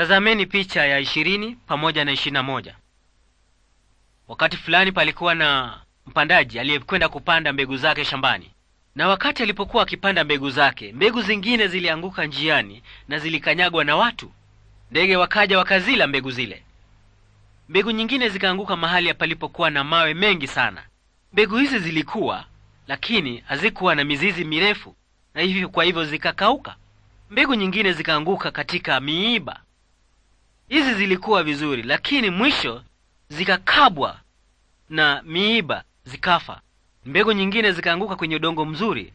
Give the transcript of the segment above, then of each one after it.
Tazameni picha ya ishirini pamoja na ishirini na moja. Wakati fulani palikuwa na mpandaji aliyekwenda kupanda mbegu zake shambani, na wakati alipokuwa akipanda mbegu zake, mbegu zingine zilianguka njiani na zilikanyagwa na watu. Ndege wakaja wakazila mbegu zile. Mbegu nyingine zikaanguka mahali palipokuwa na mawe mengi sana. Mbegu hizi zilikuwa, lakini hazikuwa na mizizi mirefu, na hivyo kwa hivyo zikakauka. Mbegu nyingine zikaanguka katika miiba hizi zilikuwa vizuri, lakini mwisho zikakabwa na miiba zikafa. Mbegu nyingine zikaanguka kwenye udongo mzuri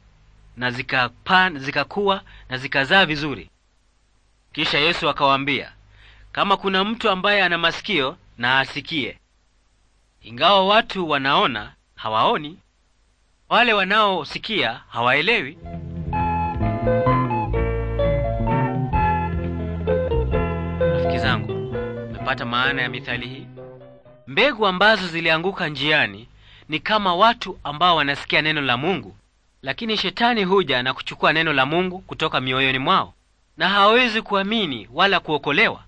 na zikapan, zikakuwa na zikazaa vizuri. Kisha Yesu akawaambia, kama kuna mtu ambaye ana masikio na asikie. Ingawa watu wanaona hawaoni, wale wanaosikia hawaelewi. kupata maana ya mithali hii? Mbegu ambazo zilianguka njiani ni kama watu ambao wanasikia neno la Mungu, lakini shetani huja na kuchukua neno la Mungu kutoka mioyoni mwao na hawawezi kuamini wala kuokolewa.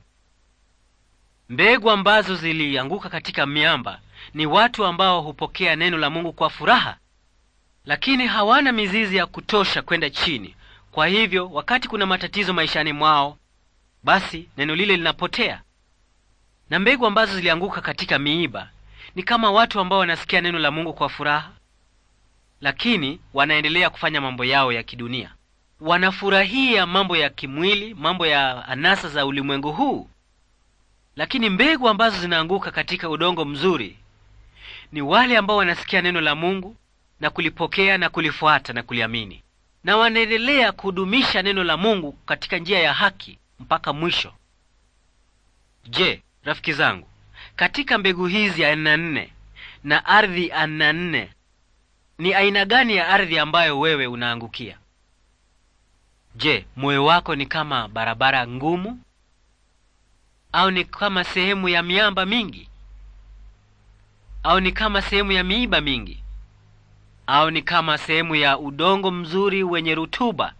Mbegu ambazo zilianguka katika miamba ni watu ambao hupokea neno la Mungu kwa furaha, lakini hawana mizizi ya kutosha kwenda chini. Kwa hivyo wakati kuna matatizo maishani mwao, basi neno lile linapotea na mbegu ambazo zilianguka katika miiba ni kama watu ambao wanasikia neno la Mungu kwa furaha, lakini wanaendelea kufanya mambo yao ya kidunia. Wanafurahia mambo ya kimwili, mambo ya anasa za ulimwengu huu, lakini mbegu ambazo zinaanguka katika udongo mzuri ni wale ambao wanasikia neno la Mungu na kulipokea na kulifuata na kuliamini, na wanaendelea kudumisha neno la Mungu katika njia ya haki mpaka mwisho. Je, Rafiki zangu, katika mbegu hizi aina nne na ardhi aina nne, ni aina gani ya ardhi ambayo wewe unaangukia? Je, moyo wako ni kama barabara ngumu au ni kama sehemu ya miamba mingi au ni kama sehemu ya miiba mingi au ni kama sehemu ya udongo mzuri wenye rutuba?